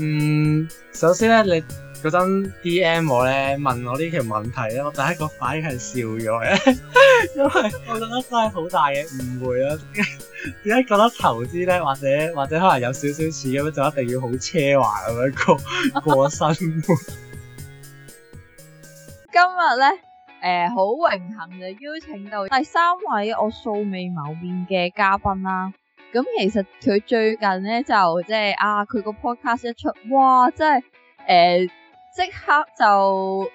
嗯，首先咧，你嗰陣 DM 我咧，問我呢條問題咧，我第一個反應係笑咗嘅，因為我覺得真係好大嘅誤會囉，點解覺得投資咧，或者或者可能有少少錢咁樣，就一定要好奢華咁樣過過一生？今日咧，誒、呃，好榮幸就邀請到第三位我素未謀面嘅嘉賓啦。咁其實佢最近咧就即係啊，佢個 podcast 一出，哇！即係誒即刻就誒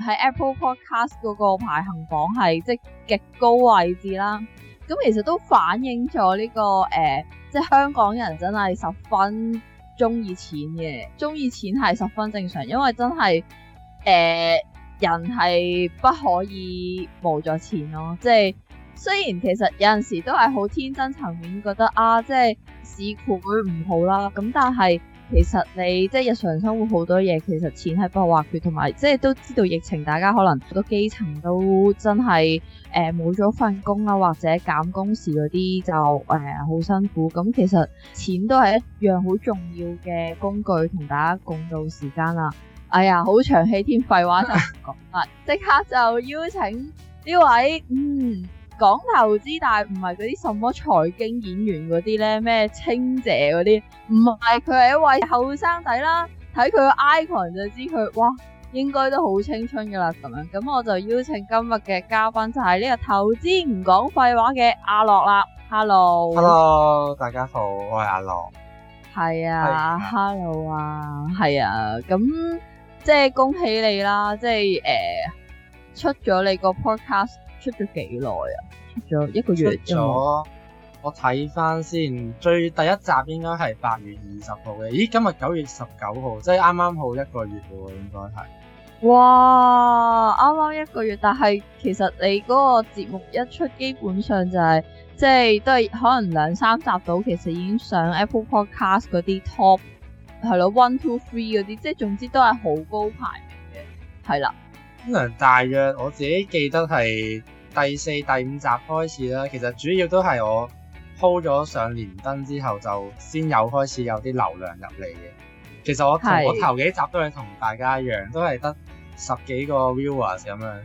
喺 Apple Podcast 嗰個排行榜係即係極高位置啦。咁其實都反映咗呢個誒，即係香港人真係十分中意錢嘅，中意錢係十分正常，因為真係誒人係不可以冇咗錢咯，即係。雖然其實有陣時都係好天真層面覺得啊，即係市況會唔好啦。咁但係其實你即係日常生活好多嘢，其實錢係不可或缺，同埋即係都知道疫情，大家可能好多基層都真係誒冇咗份工啦，或者減工時嗰啲就誒好、呃、辛苦。咁其實錢都係一樣好重要嘅工具，同大家共度時間啦。哎呀，好長氣添，天廢話就唔講啦。即 刻就邀請呢位嗯。講投資，但係唔係嗰啲什麼財經演員嗰啲咧，咩清姐嗰啲，唔係。佢係一位後生仔啦，睇佢個 icon 就知佢，哇，應該都好青春噶啦咁樣。咁我就邀請今日嘅嘉賓就係呢個投資唔講廢話嘅阿樂啦。Hello！Hello，大家好，我係阿樂。係啊，Hello 啊，係啊，咁即係恭喜你啦，即係誒出咗你個 podcast。出咗幾耐啊？出咗一個月咗，我睇翻先，最第一集應該係八月二十號嘅。咦，今日九月十九號，即係啱啱好一個月喎，應該係。哇，啱啱一個月，但係其實你嗰個節目一出，基本上就係即係都係可能兩三集到，其實已經上 Apple Podcast 嗰啲 Top 係咯，One Two Three 嗰啲，即係總之都係好高排名嘅，係啦。咁啊，大約我自己記得係。第四、第五集開始啦，其實主要都係我鋪咗上連燈之後，就先有開始有啲流量入嚟嘅。其實我是我頭幾集都係同大家一樣，都係得十幾個 viewers 咁樣。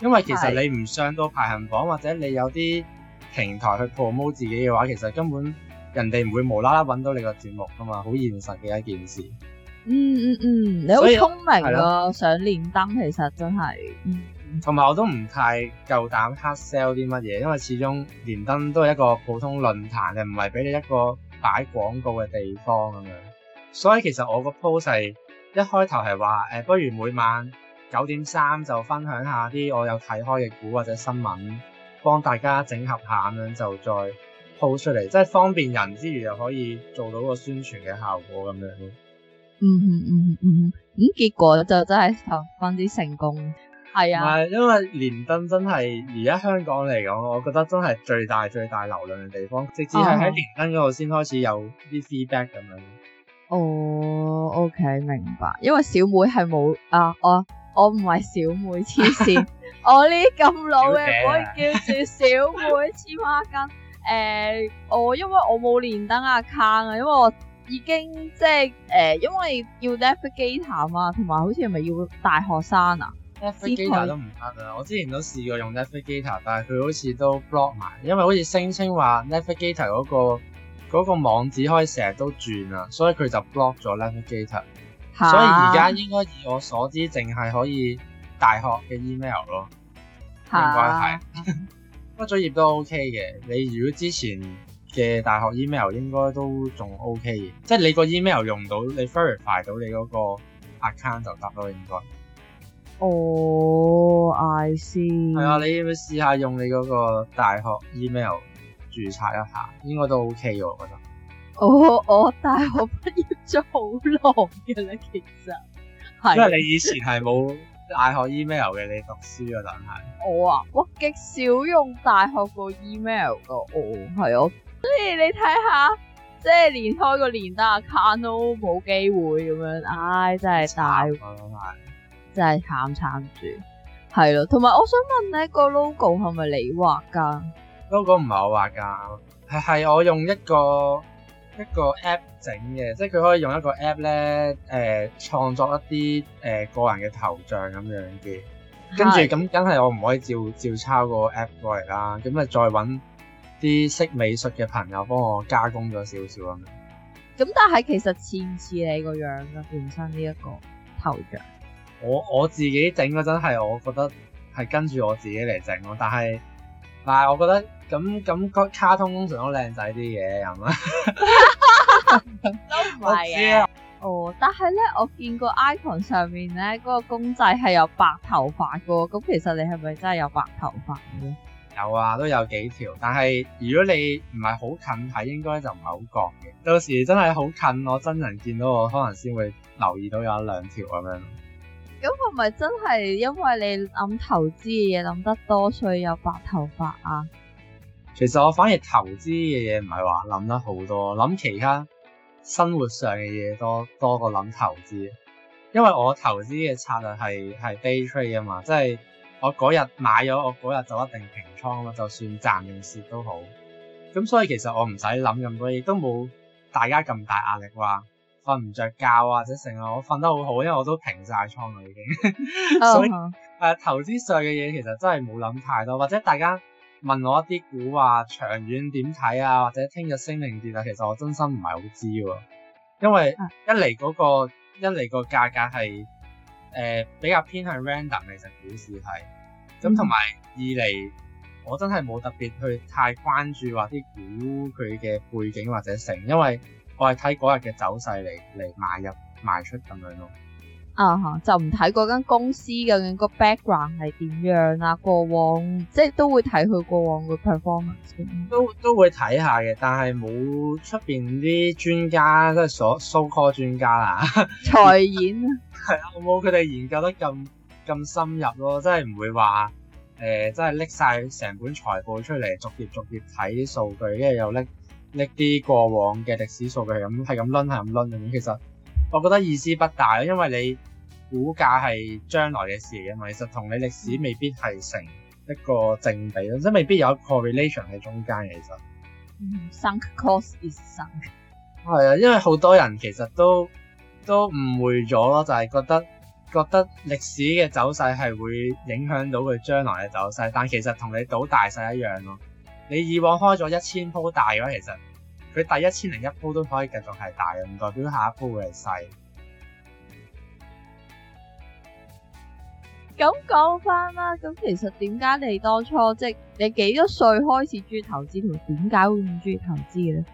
因為其實你唔上到排行榜，或者你有啲平台去 promo 自己嘅話，其實根本人哋唔會無啦啦揾到你個節目噶嘛，好現實嘅一件事。嗯嗯嗯，你好聰明啊！上連燈，其實真係。嗯同埋我都唔太夠膽黑 sell 啲乜嘢，因為始終連登都係一個普通論壇嘅，唔係俾你一個擺廣告嘅地方咁樣。所以其實我個 pose 一開頭係話誒，不如每晚九點三就分享下啲我有睇開嘅股或者新聞，幫大家整合下咁樣就再 po 出嚟，即係方便人之餘又可以做到個宣傳嘅效果咁樣。嗯嗯嗯嗯，咁、嗯嗯嗯嗯、結果就真係十分之成功。係啊，唔係因為連登真係而家香港嚟講，我覺得真係最大最大流量嘅地方，直至係喺連登嗰度先開始有啲 feedback 咁樣。哦，OK，明白。因為小妹係冇啊，我我唔係小妹黐線，我呢啲咁老嘅唔可以叫住小妹黐孖筋。誒，我因為我冇連登 account 啊，因為我已經即係誒，因為要 navigate 嘛，同埋好似係咪要大學生啊？Navigator 都唔得啊！我之前都試過用 Navigator，但係佢好似都 block 埋，因為好似聲稱話 Navigator 嗰個嗰、嗰個網址可以成日都轉啊，所以佢就 block 咗 Navigator。所以而家應該以我所知，淨係可以大學嘅 email 咯。應該係，畢咗哈 業都 OK 嘅。你如果之前嘅大學 email 應該都仲 OK 嘅。即係你個 email 用到你 verify 到你嗰個 account 就得咯，應該。哦、oh, I see。係啊，你要唔要試下用你嗰個大學 email 注冊一下，應該都 O K 嘅，我覺得。我我、oh, oh, 大學畢業咗好耐嘅啦，其實。 的因為你以前係冇大學 email 嘅，你讀書啊，但係。我啊、oh,，我極少用大學個 email 噶，哦、oh,，係啊。 所以你睇下，即、就、係、是、連開個連登 account 都冇機會咁樣，唉、哎，真係大。真係慘慘住，係咯，同埋我想問你個 logo 係咪你畫噶？logo 唔係我畫噶，係係我用一個一個 app 整嘅，即係佢可以用一個 app 咧，誒，創作一啲誒個人嘅頭像咁樣嘅。跟住咁，梗係我唔可以照照抄個 app 過嚟啦。咁啊，再搵啲識美術嘅朋友幫我加工咗少少。咁但係其實似唔似你個樣噶？變翻呢一個頭像？我我自己整嘅真係，我覺得係跟住我自己嚟整咯。但係，但係我覺得咁咁個卡通通常都靚仔啲嘢，係咪？都唔係啊。哦，但係咧，我見過 icon 上面咧嗰、嗰個公仔係有白頭髮嘅喎。咁其實你係咪真係有白頭髮？有啊，都有幾條。但係如果你唔係好近睇，應該就唔係好覺嘅。到時真係好近，我真人見到我，我可能先會留意到有一兩條咁樣。咁係咪真係因為你諗投資嘅嘢諗得多，所以有白頭髮啊？其實我反而投資嘅嘢唔係話諗得好多，諗其他生活上嘅嘢多多過諗投資。因為我投資嘅策略係係 day trade 啊嘛，即係我嗰日買咗，我嗰日就一定平倉咯，就算賺定蝕都好。咁所以其實我唔使諗咁多亦都冇大家咁大壓力話。瞓唔著覺、啊、或者成日、啊、我瞓得好好，因為我都平晒倉啦已經， 所以誒、啊啊啊、投資上嘅嘢其實真係冇諗太多，或者大家問我一啲股話、啊、長遠點睇啊，或者聽日升定跌啊，其實我真心唔係好知喎，因為一嚟嗰、那個一嚟個價格係誒、呃、比較偏向 random，其實股市係咁，同埋二嚟我真係冇特別去太關注話啲股佢嘅背景或者成，因為。我係睇嗰日嘅走勢嚟嚟買入賣出咁樣咯。啊、uh huh, 就唔睇嗰間公司究竟個 background 係點樣啦、啊，過往即係都會睇佢過往嘅 performance 都。都都會睇下嘅，但係冇出邊出面啲專家即係 so so-called 專家啊，財演係啊，冇佢哋研究得咁咁深入咯，即係唔會話誒，即係拎晒成本財報出嚟，逐頁逐頁睇啲數據，跟住又拎。搦啲過往嘅歷史數據咁係咁 run 係咁 run 其實我覺得意思不大因為你股價係將來嘅事，咁其實同你歷史未必係成一個正比即係未必有一個 relation 喺中間其實，sunk cost is sunk。係、嗯、啊，因為好多人其實都都誤會咗咯，就係、是、覺得覺得歷史嘅走勢係會影響到佢將來嘅走勢，但其實同你賭大細一樣咯。你以往開咗一千鋪大嘅話，其實佢第一千零一鋪都可以繼續係大嘅，唔代表下一鋪會係細。咁講翻啦，咁其實點解你當初即你幾多歲開始鍾意投資同點解會咁中意投資嘅？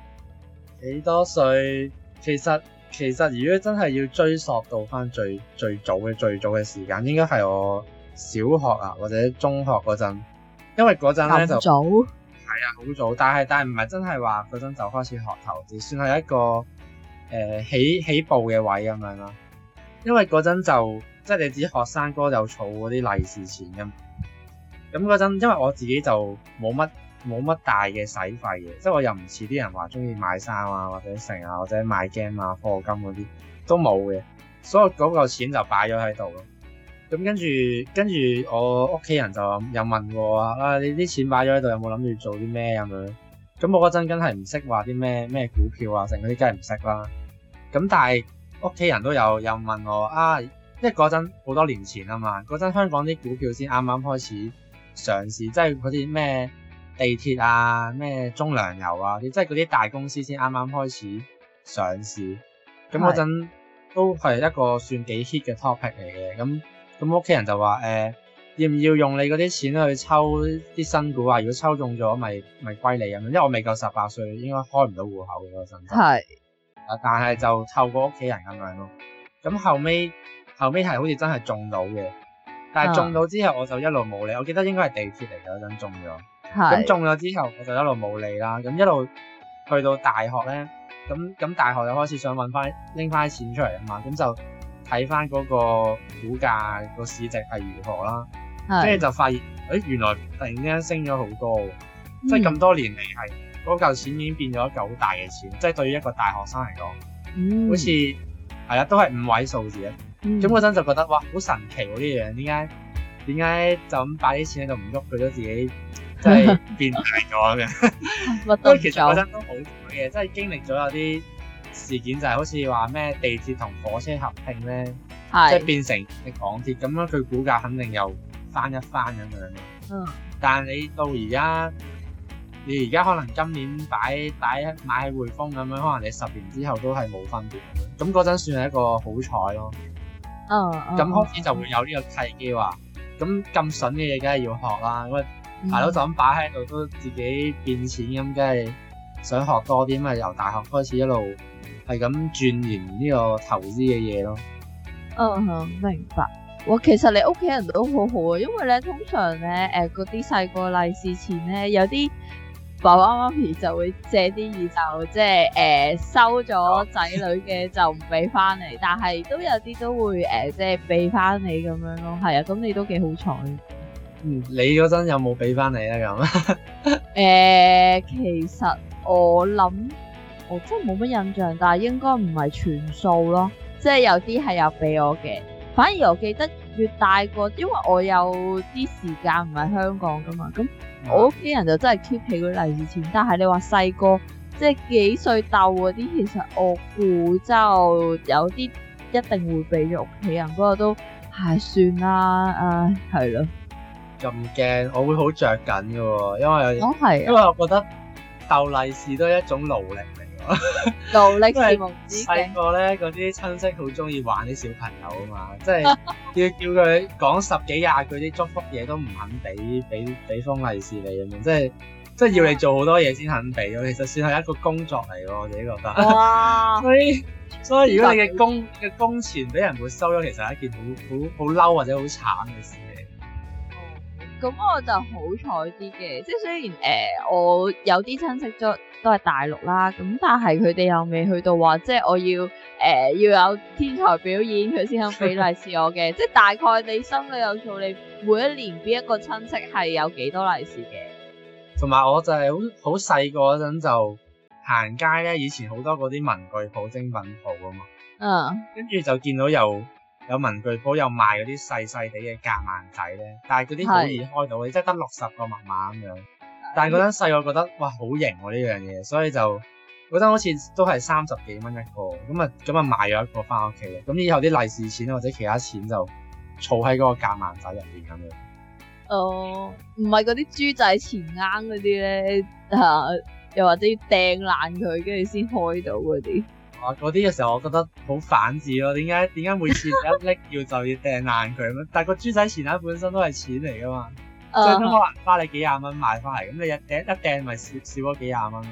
幾多歲？其實其實如果真係要追溯到翻最最早嘅最早嘅時間，應該係我小學啊或者中學嗰陣，因為嗰陣咧就。係啊，好早，但係但係唔係真係話嗰陣就開始學投資，算係一個誒、呃、起起步嘅位咁樣咯。因為嗰陣就即係你知學生哥又儲嗰啲利是錢咁，咁嗰陣因為我自己就冇乜冇乜大嘅使費嘅，即係我又唔似啲人話中意買衫啊或者成啊或者買 game 啊課金嗰啲都冇嘅，所以嗰嚿錢就擺咗喺度咯。咁跟住，跟住我屋企人就又問我話啦、啊，你啲錢擺咗喺度，有冇諗住做啲咩咁樣？咁我嗰陣真係唔識話啲咩咩股票啊，剩嗰啲梗係唔識啦。咁但係屋企人都有又問我啊，因為嗰陣好多年前啊嘛，嗰陣香港啲股票先啱啱開始上市，即係嗰啲咩地鐵啊、咩中糧油啊啲，即係嗰啲大公司先啱啱開始上市。咁嗰陣都係一個算幾 hit 嘅 topic 嚟嘅。咁咁屋企人就話誒、呃，要唔要用你嗰啲錢去抽啲新股啊？如果抽中咗，咪咪歸你咁，因為我未夠十八歲，應該開唔到戶口嘅個身係。啊是，但係就透過屋企人咁樣咯。咁後尾，後尾係好似真係中到嘅，但係中到之後我就一路冇理。我記得應該係地鐵嚟嗰陣中咗。咁是、嗯、中咗之後我就一路冇理啦。咁一路去到大學咧，咁咁大學又開始想搵翻拎翻啲錢出嚟啊嘛，咁就。睇翻嗰個股價個市值係如何啦，跟住是就發現，誒原來突然之間升咗好多，嗯、即係咁多年嚟係嗰嚿錢已經變咗一嚿好大嘅錢，即係對於一個大學生嚟講，嗯、好似係啊，都、嗯、係五位數字咧。咁嗰陣就覺得哇，好神奇喎呢樣，點解點解就咁擺啲錢喺度唔喐佢都自己即係變大咗嘅。我 都其實嗰陣都好彩嘅，即係經歷咗有啲。事件就係好似話咩地鐵同火車合併咧，係即係變成嘅港鐵咁樣，佢股價肯定又翻一翻咁樣。嗯，但係你到而家，你而家可能今年擺擺買喺匯豐咁樣，可能你十年之後都係冇分別。咁嗰陣算係一個好彩咯。嗯、哦，咁開始就會有呢個契機話，咁咁筍嘅嘢梗係要學啦。大佬就咁擺喺度都自己變錢咁，梗係想學多啲咪？由大學開始一路。係咁鑽研呢個投資嘅嘢咯、uh。嗯、huh，明白。哇，其實你屋企人都好好啊，因為咧通常咧，誒嗰啲細個利是錢咧，有啲爸爸媽媽咪就會借啲意即、呃、就即係誒收咗仔女嘅就唔俾翻你，oh. 但係都有啲都會誒、呃、即係俾翻你咁樣咯。係啊，咁、啊、你都幾好彩。嗯，你嗰陣有冇俾翻你咧咁？誒、 呃，其實我諗。我真係冇乜印象，但係應該唔係全數咯，即係有啲係有俾我嘅。反而我記得越大個，因為我有啲時間唔喺香港噶嘛，咁我屋企人就真係 keep 起個利是錢。但係你話細個即係幾歲鬥嗰啲，其實我估之後有啲一定會俾咗屋企人，不過都係算啦。唉，係咯，咁驚我會好着緊噶，因為因為我覺得鬥利是都係一種努力。努力是夢之境。細個咧，嗰啲親戚好中意玩啲小朋友啊嘛， 即係要叫佢講十幾廿句啲祝福嘢都唔肯俾，俾俾封利是你咁樣，即係即係要你做好多嘢先肯俾。其實算係一個工作嚟嘅，我自己覺得。哇 所！所以所以，如果你嘅工嘅 工錢俾人沒收咗，其實係一件好好好嬲，或者好慘嘅事。咁我就好彩啲嘅，即係雖然誒、呃、我有啲親戚都都係大陸啦，咁但係佢哋又未去到話，即係我要誒、呃、要有天才表演，佢先肯俾利是我嘅。 即係大概你心裏有數，你每一年邊一個親戚係有幾多利是嘅？同埋我就係好好細個嗰陣就行街咧，以前好多嗰啲文具鋪、精品鋪啊嘛，嗯，跟住就見到有。有文具鋪又賣嗰啲細細哋嘅夾硬仔咧，但係嗰啲可以開到，你真係得六十個密碼咁樣。但係嗰陣細個覺得哇，好型喎，呢樣嘢，所以就嗰陣好似都係三十幾蚊一個，咁啊咁啊買咗一個翻屋企，咁以後啲利是錢或者其他錢就儲喺嗰個夾硬仔入邊咁樣。哦，uh，唔係嗰啲豬仔錢罌嗰啲咧，嚇，又或者掟爛佢，跟住先開到嗰啲。嗰啲嘅時候，我覺得好反智咯，啊。點解，點解每次一拎要就要掟爛佢咧？ 但係個豬仔錢鈔本身都係錢嚟噶嘛，即係佢話花你幾廿蚊買翻嚟，咁你一掟一掟咪少少咗幾廿蚊。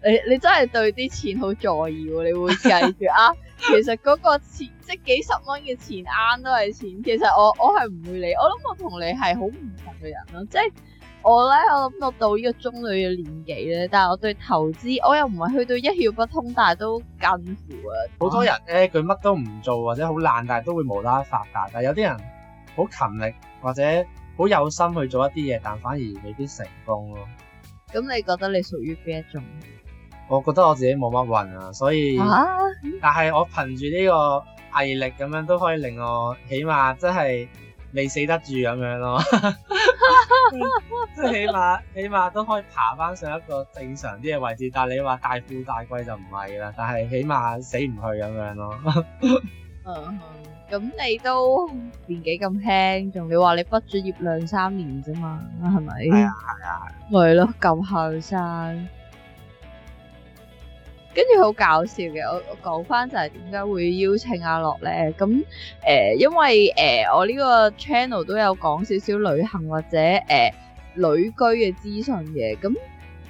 你，你真係對啲錢好在意喎，啊，你會計住 啊。其實嗰個錢即係幾十蚊嘅錢啱都係錢。其實我，我係唔會理。我諗我同你係好唔同嘅人咯，即係。我咧，我諗到到呢個中女嘅年紀咧，但係我對投資，我又唔係去到一竅不通，但係都近乎啊。好多人咧，佢乜都唔做或者好懶，但係都會無啦啦發達。但係有啲人好勤力或者好有心去做一啲嘢，但反而未必成功咯。咁你覺得你屬於邊一種？我覺得我自己冇乜運啊，所以，但係我憑住呢個毅力咁樣都可以令我起碼真係未死得住咁樣咯。 即係起碼，起碼都可以爬翻上一個正常啲嘅位置。但係你話大富大貴就唔係啦。但係起碼死唔去咁樣咯。 嗯，咁、嗯、你都年紀咁輕，仲要話你畢咗業兩三年啫嘛，係咪？係啊係啊。係咯，啊，咁後生。跟住好搞笑嘅，我講翻就係點解會邀請阿樂呢？咁誒、呃，因為誒、呃、我呢個 channel 都有講少少旅行或者誒、呃、旅居嘅資訊嘅。咁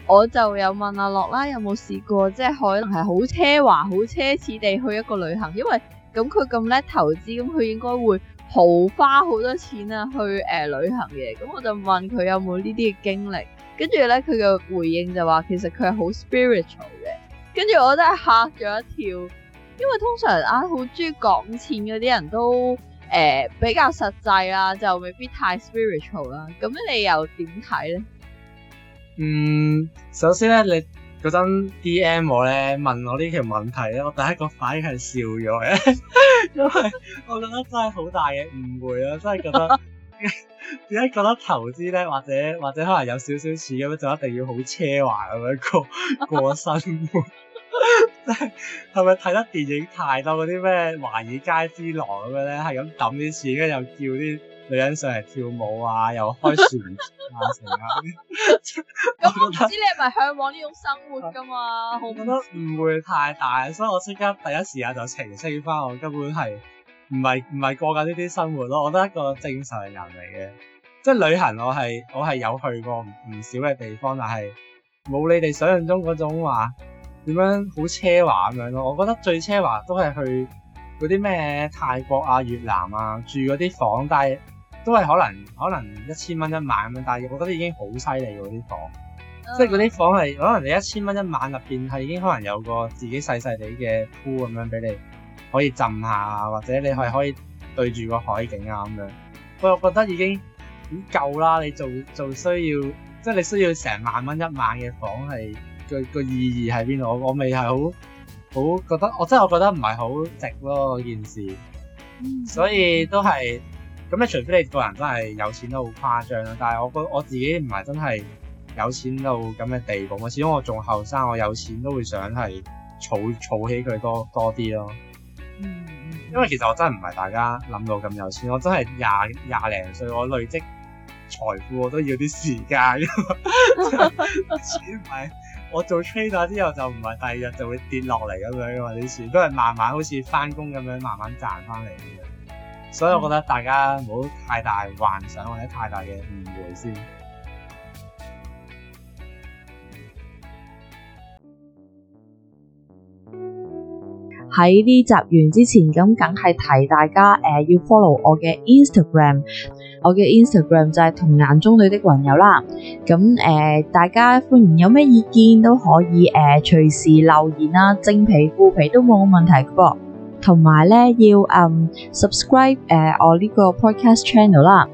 我就有問阿樂啦，有冇試過即係可能係好奢華、好奢侈地去一個旅行？因為咁佢咁叻投資，咁佢應該會豪花好多錢啊，去、呃、誒旅行嘅。咁我就問佢有冇呢啲嘅經歷，跟住呢，佢嘅回應就話其實佢係好 spiritual 嘅。跟住我真係嚇咗一跳，因為通常啊好中意講錢嗰啲人都誒、呃、比較實際啦，就未必太 spiritual 啦。咁你又點睇咧？嗯，首先咧，你嗰陣 DM 我咧問我呢條問題咧，我第一個反應係笑咗嘅，因為我覺得真係好大嘅誤會咯，真係覺得點解 覺得投資咧，或者或者可能有少少錢咁樣就一定要好奢華咁樣過過生活？ 即係係咪睇得電影太多嗰啲咩華爾街之狼咁樣咧？係咁抌啲錢，跟住又叫啲女人上嚟跳舞啊，又開船啊，成啊咁。 我唔得 知你係咪向往呢種生活噶嘛？ 我覺得唔會太大，所以我即刻第一時間就澄清翻，我根本係唔係唔係過緊呢啲生活咯。我覺得一個正常人嚟嘅，即係旅行我，我係我係有去過唔少嘅地方，但係冇你哋想象中嗰種話。點樣好奢華咁樣咯，啊？我覺得最奢華都係去嗰啲咩泰國啊、越南啊，住嗰啲房，但係都係可能可能一千蚊一晚咁樣。但係我覺得已經好犀利喎，啲房，嗯、即係嗰啲房係可能你一千蚊一晚入邊係已經可能有個自己細細哋嘅 pool 咁樣俾你可以浸下，或者你係可以對住個海景啊咁樣。我又覺得已經好夠啦，你做做需要即係你需要成萬蚊一晚嘅房係？個個意義喺邊度？我我未係好好覺得，我真係我覺得唔係好值咯嗰件事，mm hmm. 所以，都係咁，你除非你個人真係有錢都好誇張啦，但係我個我自己唔係真係有錢到咁嘅地步。我始終我仲後生，我有錢都會想係儲儲起佢多多啲咯。Mm hmm. 因為其實我真係唔係大家諗到咁有錢，我真係廿廿零歲，我累積財富我都要啲時間，錢 唔係的～ 我做 trader 之後就唔係第二日就會跌落嚟咁樣嘅話，啲錢都係慢慢好似翻工咁樣慢慢賺翻嚟嘅。所以，我覺得大家唔好太大幻想或者太大嘅誤會先。喺呢集完之前，咁梗係提大家誒、呃、要 follow 我嘅 Instagram。我嘅 Instagram 就係同顏中女的朋友啦，咁誒大家歡迎，有咩意見都可以誒隨時留言啦，精皮粗皮都冇問題噶噃，同埋咧要誒 subscribe 誒我呢個 podcast channel 啦。